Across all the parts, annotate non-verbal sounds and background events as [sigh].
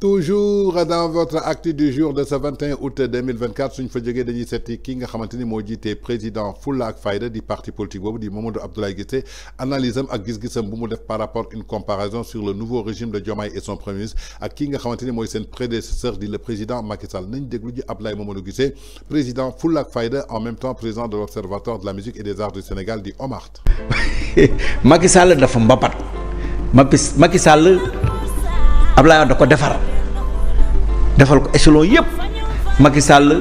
toujours dans votre acte du jour de ce 21 août 2024 suñ fa jógee dañuy seeti ki nga xamanteni jité président Faïda parti politique bobu di Mamadou Abdoulaye Guité, analyse am ak gis-gisam bu par rapport une comparaison sur le nouveau régime de Diomaye et son premier ministre ak ki nga xamanteni prédécesseur du président Macky Sall nañ déglu Abdoulaye Mamadou président en même temps président de l'Observatoire de la musique et des arts du Sénégal di OMART [laughs] Macky Sall dafa mbapat Mapis Macky Sall Abdoulaye Wade da ko defar defal ko échelon yëpp Macky sàll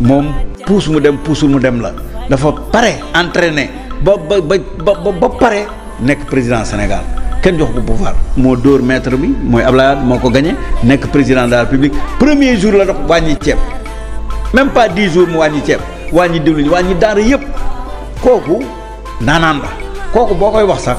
moom puus mu dem puusul mu dem la dafa pare entraîné ba ba ba ba pare nekk président Sénégal kenn jox ko pouvoir moo dóor maître bi mooy Abdoulaye Wade moo ko gagné nekk président de la premier jour la dafa wàññi ceeb même pas dix jours mu wàññi ceeb wàññi diwlin wàññi daara yëpp kooku naanaan la kooku boo koy wax sax.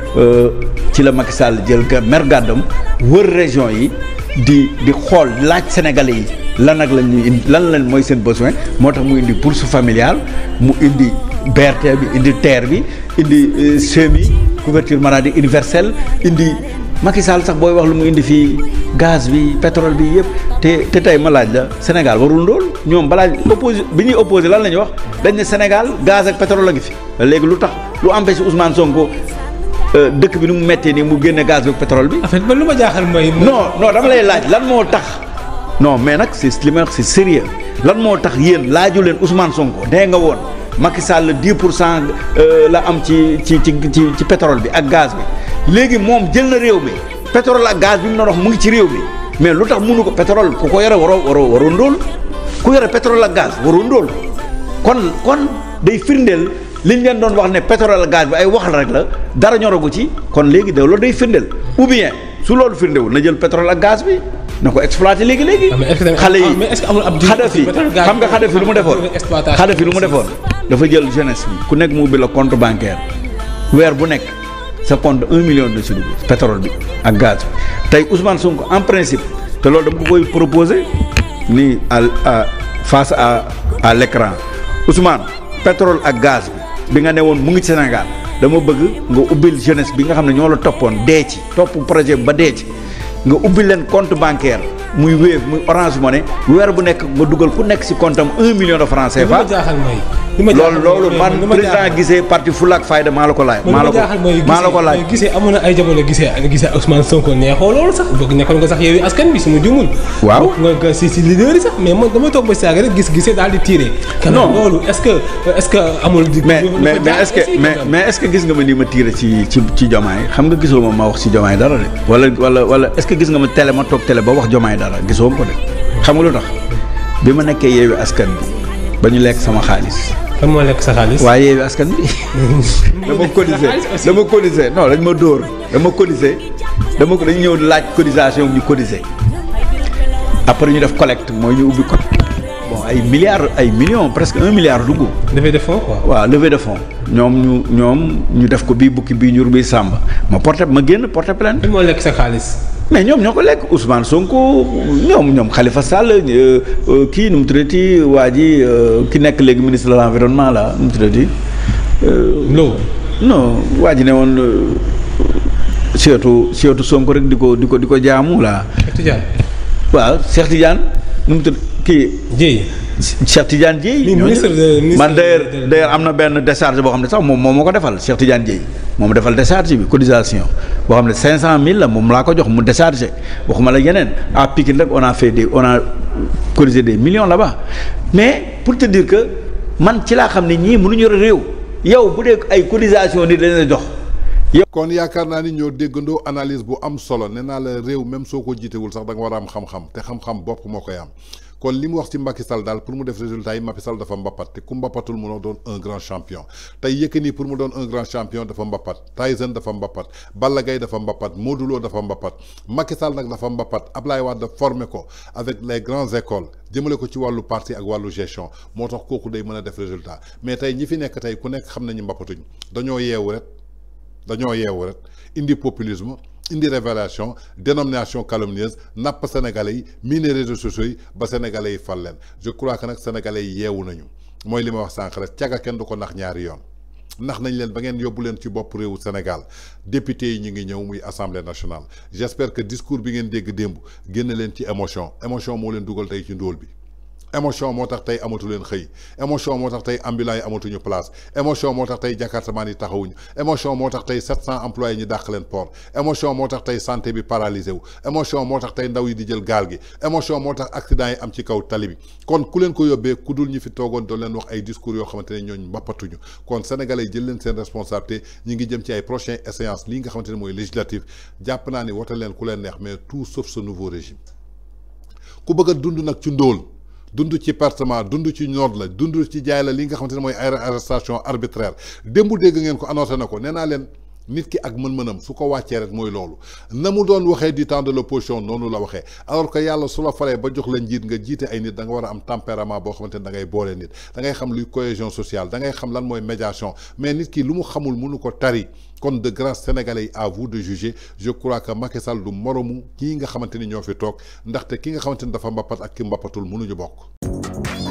Euh, ci la Macky Sall jël ga mer gàddam wër région yi di di xool laaj sénégalais yi lan ak lañ ñuy indi lan lañ mooy seen besoin moo tax mu indi bourse familiale mu indi BRT bi indi TER bi indi semi euh, couverture maladie universelle indi Macky Sall sax booy wax lu mu indi fii gaz bi pétrole bi yëpp te te tey ma laaj la Sénégal warul ndool ñoom balaa opposé bi ñuy opposé lan la ñuy wax dañ ne Sénégal gaz ak pétrole la ngi fi léegi lu tax lu empêché Ousmane Sonko Euh, dëkk bi nu mu méttee nii mu génne gaz bi pétrole bi. en fait man lu mooy. non non dama lay laaj lan moo tax. non mais nag c'est li ma wax c'est sérieux lan moo tax yéen laaju leen Ousmane Sonko dee nga woon Macky Sall 10 pour cent euh, la am ci ci ci ci ci pétrole bi ak gaz bi léegi moom jël na réew mi pétrole ak gaz bi mu ne wax mu ngi ci réew mi mais lu tax mënu ko pétrole ku ko yore waroo waroo waroo ndóol ku yore pétrole ak gaz waroo ndóol kon kon day firndeel. li leen doon wax ne pétrole gaz bi ay wax la rek la dara ñoragu ci kon léegi de loolu day firndeel ou bien su loolu firndewul na jël pétrole ak gaz bi na ko exploité léegi léegi. Ah, xale yi ah, xadafi xam nga xadafi lu mu defoon. xadafi lu mu defoon dafa jël jeunesse bi ku nekk mu ubbi la compte bancaire weer bu nekk sa compte un million de su pétrole bi ak gaz bi tey Ousmane ko en principe te loolu dama ko koy proposé nii à face à à l'écran Ousmane pétrole ak gaz bi nga ne woon mu ngi Sénégal dama bëgg nga ubbil jeunesse bi nga xam ne ñoo la toppoon dee ci topp projet ba dee ci nga ubbil leen compte bancaire muy Wave muy Orange Money weer bu nekk nga dugal ku nekk si compte am un million de francs CFA. li ma jaaxal mooy loolu loolu man président gisee parti Fulak Fayda maa la ko laaj. maa la ko maa la ko laaj gisee amoon na ay jamono gisee gisee Ousmane Sonko neexoo loolu sax bëgg nekkoon nga sax yow askan bi su ma jumul. waaw nga si si leader yi sax mais man dama toog ba saa rek gis gisee daal di tiré. non loolu est-ce que est-ce que amul. mais mais mais est-ce que mais mais est-ce que gis nga ma ni ma tiré ci ci ci Diomaye xam nga gisoo ma ma wax ci Diomaye dara de. wala wala wala est-ce que gis nga ma télé ma toog télé ba wax Diomaye dara gisoo ma ko de xam nga lu tax bi ma nekkee yeewi askan bi ba ñu lekk sama xaalis. kan moo lekk sa xaalis. waaye Yewwi Askan Wi. [laughs] dama cotisé dama cotisé non dañ ma dóor dama cotisé dama dañ ñëw laaj cotisation ñu cotisé après ñu def collecte mooy ñu ubbi collecte bon ay milliards ay millions presque un milliard dugg. levée de fonds quoi. waaw levée de fonds. ñoom ñu ñoom ñu def ko bii bukki bii ñur bii sàmba ma porté ma génn porté plainte. kan moo lekk sa xaalis. mais ñoom ñoo ko lekk Ousmane Sonko ñoom ñoom Khalifa Sall euh, euh, kii nu mu tuddati waa ji euh, ki nekk léegi ministre de l'environnement là nu mu tuddati. waa ji ne woon surtout surtout Sonko rek di ko di ko di ko jaamu là. Cheikh waaw Cheikh Tidiane kii. Cheikh Tidiane Dieye. ministre de man d'ailleurs d'ailleurs am na benn décharge boo xam ne sax moom moom moo ko defal Cheikh Tidiane Dieye moom defal décharge bi cotisation boo xam ne 500000 la moom laa ko jox mu déchargé waxuma la yeneen à Pikine nag on a fait des on a cotisé des millions là-bas mais pour te dire que man ci laa xam ne ñii mënuñu réew yow bu dee ay cotisation ni dañ la jox. kon yaakaar naa ni ñoo déggandoo analyse bu am solo nee naa la réew même soo ko jiitewul sax da war am xam-xam te xam-xam koy am. kon li mu wax ci Macky Sall daal pour mu def résultat yi Macky Sall dafa mbappat te ku mbappatul mënoo doon un grand champion tey Yékini pour mu doon un grand champion dafa mbappat Tyson dafa mbappat Balla Gaye dafa mbappat Modou Lo dafa mbappat Macky Sall nag dafa mbappat Ablaye Wade formé ko avec les grandes écoles jëmale ko ci wàllu parti ak wàllu gestion moo tax kooku day mën a def résultat mais tey ñi fi nekk tey ku nekk xam nañu mbappatuñ dañoo yeewu rek dañoo yeewu rek indi populisme indi révélation dénomination calomnieuse napp sénégalais yi miné réseaux sociaux ba sénégalais yi je crois que nak sénégalais yewu nañu moy lima wax sànq rek caga kenn du nax ñaari yoon ndax nañ leen ba ngeen yóbbu leen ci bop réewu Sénégal député yi ñu ngi ñew muy assemblée nationale j'espère que discours bi ngeen dégg demb génn ci émotion émotion mo leen dugal tay ci ndol bi. émotion moo tax tey amatu leen xëy émotion moo tax tey ambulant yi amatuñu place émotion moo tax tey jakartamaan yi taxawuñu émotion moo tax tey sept cent employés ñu dàq leen port émotion moo tax tey santé bi paralysé wu moo tax tey ndaw yi di jël gaal gi émotion moo tax accident yi am ci kaw tali bi kon ku leen ko yóbbee ku dul ñu fi toogoon doon leen wax ay discours yoo xamante ne ñooñu mbappatuñu kon sénégalais jël leen seen responsabilité ñi ngi jëm ci ay prochaines séances lii nga xamante ne mooy législative jàpp naa ni wote ku leen neex mais tout sauf ku bëgg dund nag ci ndóol dund ci département dund ci nord la dundu ci jaay la li nga xamante ne mooy arrestation arbitraire démb dégg ngeen ko annoncé na ko nee naa leen nit ki ak mën-mënam su ko wàccee rek mooy loolu na mu doon waxee di temps de l'opposition noonu la waxee alors que yàlla su la falee ba jox la njiit nga jiite ay nit da war a am tempérament boo xamante ne da boole nit da ngay xam luy cohésion sociale dangay xam lan mooy médiation mais nit ki lu mu xamul mënu ko tari kon de grands sénégalais yi à vous de juger je crois que Macky Sall du moromu kii nga xamante ni ñoo fi toog ndaxte ki nga xamante ni dafa mbappat ak ki mbappatul mënuñu bokk.